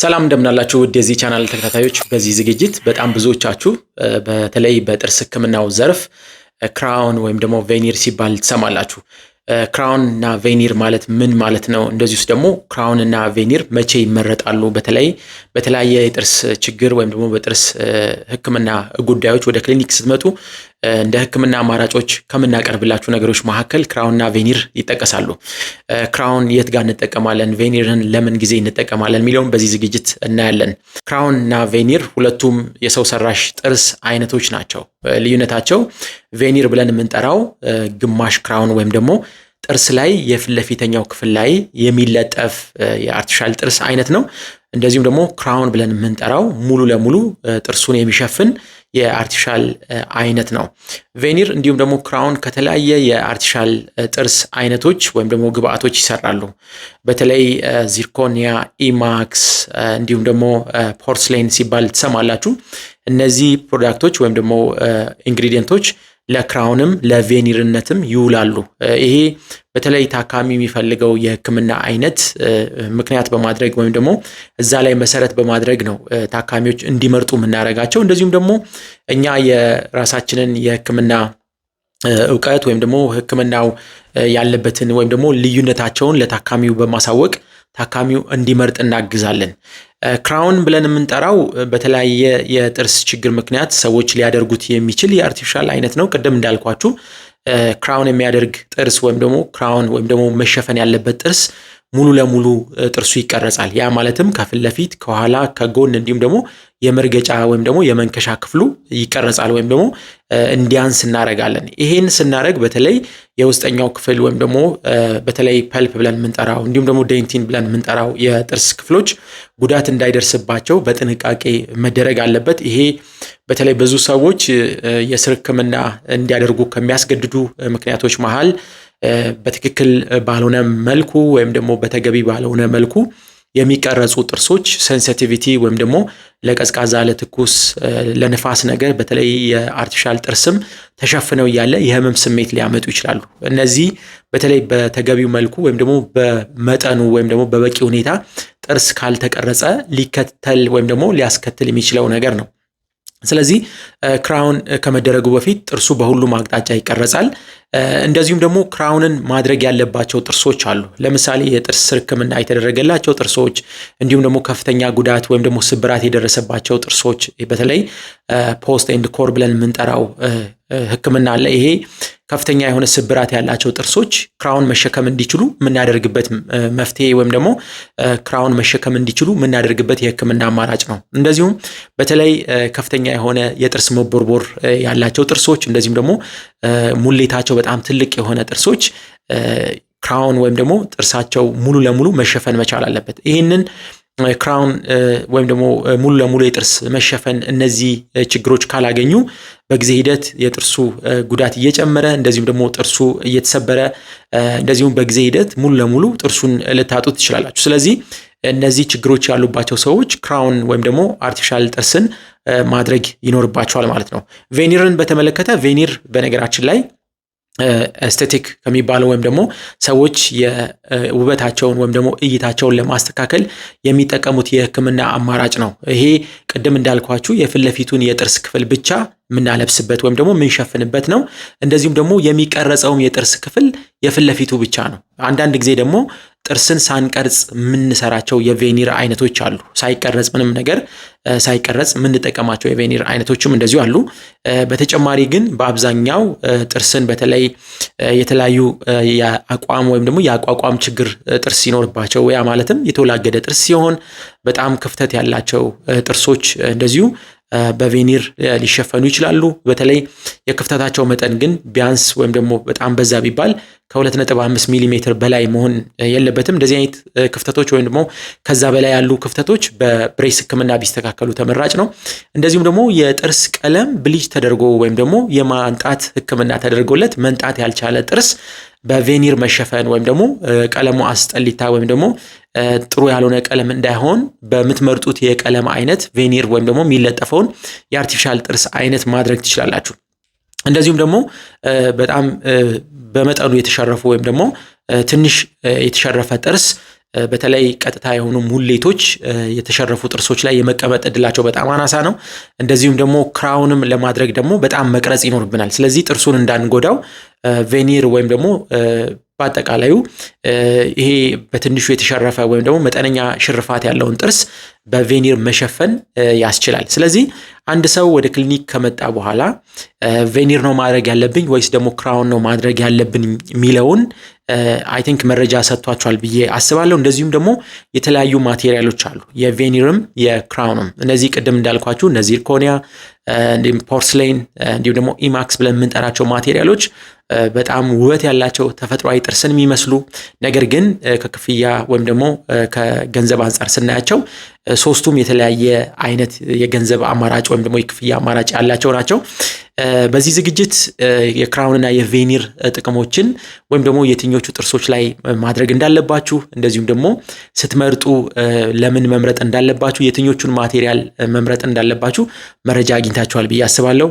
ሰላም እንደምናላችሁ ውድ የዚህ ቻናል ተከታታዮች፣ በዚህ ዝግጅት በጣም ብዙዎቻችሁ በተለይ በጥርስ ሕክምናው ዘርፍ ክራውን ወይም ደግሞ ቬኒር ሲባል ትሰማላችሁ። ክራውን እና ቬኒር ማለት ምን ማለት ነው? እንደዚህ ውስጥ ደግሞ ክራውን እና ቬኒር መቼ ይመረጣሉ? በተለይ በተለያየ የጥርስ ችግር ወይም ደግሞ በጥርስ ሕክምና ጉዳዮች ወደ ክሊኒክ ስትመጡ እንደ ህክምና አማራጮች ከምናቀርብላችሁ ነገሮች መካከል ክራውንና ቬኒር ይጠቀሳሉ። ክራውን የት ጋር እንጠቀማለን፣ ቬኒርን ለምን ጊዜ እንጠቀማለን የሚለውን በዚህ ዝግጅት እናያለን። ክራውንና ቬኒር ሁለቱም የሰው ሰራሽ ጥርስ አይነቶች ናቸው። ልዩነታቸው ቬኒር ብለን የምንጠራው ግማሽ ክራውን ወይም ደግሞ ጥርስ ላይ የፊት ለፊተኛው ክፍል ላይ የሚለጠፍ የአርቲፊሻል ጥርስ አይነት ነው። እንደዚሁም ደግሞ ክራውን ብለን የምንጠራው ሙሉ ለሙሉ ጥርሱን የሚሸፍን የአርቲፊሻል አይነት ነው። ቬኒር እንዲሁም ደግሞ ክራውን ከተለያየ የአርቲፊሻል ጥርስ አይነቶች ወይም ደግሞ ግብአቶች ይሰራሉ። በተለይ ዚርኮኒያ፣ ኢማክስ እንዲሁም ደግሞ ፖርስሌን ሲባል ትሰማላችሁ። እነዚህ ፕሮዳክቶች ወይም ደግሞ ኢንግሪዲየንቶች ለክራውንም ለቬኒርነትም ይውላሉ። ይሄ በተለይ ታካሚ የሚፈልገው የህክምና አይነት ምክንያት በማድረግ ወይም ደግሞ እዛ ላይ መሰረት በማድረግ ነው ታካሚዎች እንዲመርጡ የምናደርጋቸው። እንደዚሁም ደግሞ እኛ የራሳችንን የህክምና እውቀት ወይም ደግሞ ህክምናው ያለበትን ወይም ደግሞ ልዩነታቸውን ለታካሚው በማሳወቅ ታካሚው እንዲመርጥ እናግዛለን። ክራውን ብለን የምንጠራው በተለያየ የጥርስ ችግር ምክንያት ሰዎች ሊያደርጉት የሚችል የአርቲፊሻል አይነት ነው። ቅድም እንዳልኳችሁ ክራውን የሚያደርግ ጥርስ ወይም ደግሞ ክራውን ወይም ደግሞ መሸፈን ያለበት ጥርስ ሙሉ ለሙሉ ጥርሱ ይቀረጻል። ያ ማለትም ከፊት ለፊት፣ ከኋላ፣ ከጎን እንዲሁም ደግሞ የመርገጫ ወይም ደግሞ የመንከሻ ክፍሉ ይቀረጻል ወይም ደግሞ እንዲያንስ እናደርጋለን። ይሄን ስናረግ በተለይ የውስጠኛው ክፍል ወይም ደግሞ በተለይ ፐልፕ ብለን የምንጠራው እንዲሁም ደግሞ ዴንቲን ብለን የምንጠራው የጥርስ ክፍሎች ጉዳት እንዳይደርስባቸው በጥንቃቄ መደረግ አለበት። ይሄ በተለይ ብዙ ሰዎች የስር ሕክምና እንዲያደርጉ ከሚያስገድዱ ምክንያቶች መሃል በትክክል ባልሆነ መልኩ ወይም ደግሞ በተገቢ ባልሆነ መልኩ የሚቀረጹ ጥርሶች ሴንሲቲቪቲ ወይም ደግሞ ለቀዝቃዛ፣ ለትኩስ፣ ለንፋስ ነገር በተለይ የአርቲፊሻል ጥርስም ተሸፍነው እያለ የህመም ስሜት ሊያመጡ ይችላሉ። እነዚህ በተለይ በተገቢው መልኩ ወይም ደግሞ በመጠኑ ወይም ደግሞ በበቂ ሁኔታ ጥርስ ካልተቀረጸ ሊከተል ወይም ደግሞ ሊያስከትል የሚችለው ነገር ነው። ስለዚህ ክራውን ከመደረጉ በፊት ጥርሱ በሁሉም አቅጣጫ ይቀረጻል። እንደዚሁም ደግሞ ክራውንን ማድረግ ያለባቸው ጥርሶች አሉ። ለምሳሌ የጥርስ ሕክምና የተደረገላቸው ጥርሶች እንዲሁም ደግሞ ከፍተኛ ጉዳት ወይም ደግሞ ስብራት የደረሰባቸው ጥርሶች በተለይ ፖስት ኤንድ ኮር ብለን የምንጠራው ሕክምና አለ። ይሄ ከፍተኛ የሆነ ስብራት ያላቸው ጥርሶች ክራውን መሸከም እንዲችሉ የምናደርግበት መፍትሄ ወይም ደግሞ ክራውን መሸከም እንዲችሉ የምናደርግበት የህክምና አማራጭ ነው። እንደዚሁም በተለይ ከፍተኛ የሆነ የጥርስ መቦርቦር ያላቸው ጥርሶች እንደዚሁም ደግሞ ሙሌታቸው በጣም ትልቅ የሆነ ጥርሶች ክራውን ወይም ደግሞ ጥርሳቸው ሙሉ ለሙሉ መሸፈን መቻል አለበት። ይህንን ክራውን ወይም ደግሞ ሙሉ ለሙሉ የጥርስ መሸፈን እነዚህ ችግሮች ካላገኙ በጊዜ ሂደት የጥርሱ ጉዳት እየጨመረ እንደዚሁም ደግሞ ጥርሱ እየተሰበረ እንደዚሁም በጊዜ ሂደት ሙሉ ለሙሉ ጥርሱን ልታጡ ትችላላችሁ። ስለዚህ እነዚህ ችግሮች ያሉባቸው ሰዎች ክራውን ወይም ደግሞ አርቲፊሻል ጥርስን ማድረግ ይኖርባቸዋል ማለት ነው። ቬኒርን በተመለከተ ቬኒር በነገራችን ላይ ኤስቴቲክ ከሚባለው ወይም ደግሞ ሰዎች የውበታቸውን ወይም ደግሞ እይታቸውን ለማስተካከል የሚጠቀሙት የሕክምና አማራጭ ነው። ይሄ ቅድም እንዳልኳችሁ የፊት ለፊቱን የጥርስ ክፍል ብቻ የምናለብስበት ወይም ደግሞ የምንሸፍንበት ነው። እንደዚሁም ደግሞ የሚቀረጸውም የጥርስ ክፍል የፊት ለፊቱ ብቻ ነው። አንዳንድ ጊዜ ደግሞ ጥርስን ሳንቀርጽ የምንሰራቸው የቬኒር አይነቶች አሉ። ሳይቀረጽ ምንም ነገር ሳይቀረጽ የምንጠቀማቸው የቬኒር አይነቶችም እንደዚሁ አሉ። በተጨማሪ ግን በአብዛኛው ጥርስን በተለይ የተለያዩ የአቋም ወይም ደግሞ የአቋቋም ችግር ጥርስ ሲኖርባቸው ያ ማለትም የተወላገደ ጥርስ ሲሆን በጣም ክፍተት ያላቸው ጥርሶች እንደዚሁ በቬኒር ሊሸፈኑ ይችላሉ። በተለይ የክፍተታቸው መጠን ግን ቢያንስ ወይም ደግሞ በጣም በዛ ቢባል ከ2.5 ሚሊ ሜትር በላይ መሆን የለበትም። እንደዚህ አይነት ክፍተቶች ወይም ደግሞ ከዛ በላይ ያሉ ክፍተቶች በብሬስ ሕክምና ቢስተካከሉ ተመራጭ ነው። እንደዚሁም ደግሞ የጥርስ ቀለም ብሊጅ ተደርጎ ወይም ደግሞ የማንጣት ሕክምና ተደርጎለት መንጣት ያልቻለ ጥርስ በቬኒር መሸፈን ወይም ደግሞ ቀለሙ አስጠሊታ ወይም ደግሞ ጥሩ ያልሆነ ቀለም እንዳይሆን በምትመርጡት የቀለም አይነት ቬኒር ወይም ደግሞ የሚለጠፈውን የአርቲፊሻል ጥርስ አይነት ማድረግ ትችላላችሁ። እንደዚሁም ደግሞ በጣም በመጠኑ የተሸረፉ ወይም ደግሞ ትንሽ የተሸረፈ ጥርስ በተለይ ቀጥታ የሆኑ ሙሌቶች የተሸረፉ ጥርሶች ላይ የመቀመጥ እድላቸው በጣም አናሳ ነው። እንደዚሁም ደግሞ ክራውንም ለማድረግ ደግሞ በጣም መቅረጽ ይኖርብናል። ስለዚህ ጥርሱን እንዳንጎዳው ቬኒር ወይም ደግሞ በአጠቃላዩ ይሄ በትንሹ የተሸረፈ ወይም ደግሞ መጠነኛ ሽርፋት ያለውን ጥርስ በቬኒር መሸፈን ያስችላል። ስለዚህ አንድ ሰው ወደ ክሊኒክ ከመጣ በኋላ ቬኒር ነው ማድረግ ያለብኝ ወይስ ደግሞ ክራውን ነው ማድረግ ያለብን የሚለውን አይ ቲንክ መረጃ ሰጥቷቸዋል ብዬ አስባለሁ። እንደዚሁም ደግሞ የተለያዩ ማቴሪያሎች አሉ፣ የቬኒርም የክራውንም። እነዚህ ቅድም እንዳልኳችሁ እነ ዚርኮኒያ፣ እንዲሁም ፖርስሌን፣ እንዲሁም ደግሞ ኢማክስ ብለን የምንጠራቸው ማቴሪያሎች በጣም ውበት ያላቸው ተፈጥሯዊ ጥርስን የሚመስሉ ነገር ግን ከክፍያ ወይም ደግሞ ከገንዘብ አንጻር ስናያቸው ሶስቱም የተለያየ አይነት የገንዘብ አማራጭ ወይም ደግሞ የክፍያ አማራጭ ያላቸው ናቸው። በዚህ ዝግጅት የክራውንና የቬኒር ጥቅሞችን ወይም ደግሞ የትኞቹ ጥርሶች ላይ ማድረግ እንዳለባችሁ እንደዚሁም ደግሞ ስትመርጡ ለምን መምረጥ እንዳለባችሁ የትኞቹን ማቴሪያል መምረጥ እንዳለባችሁ መረጃ አግኝታችኋል ብዬ አስባለሁ።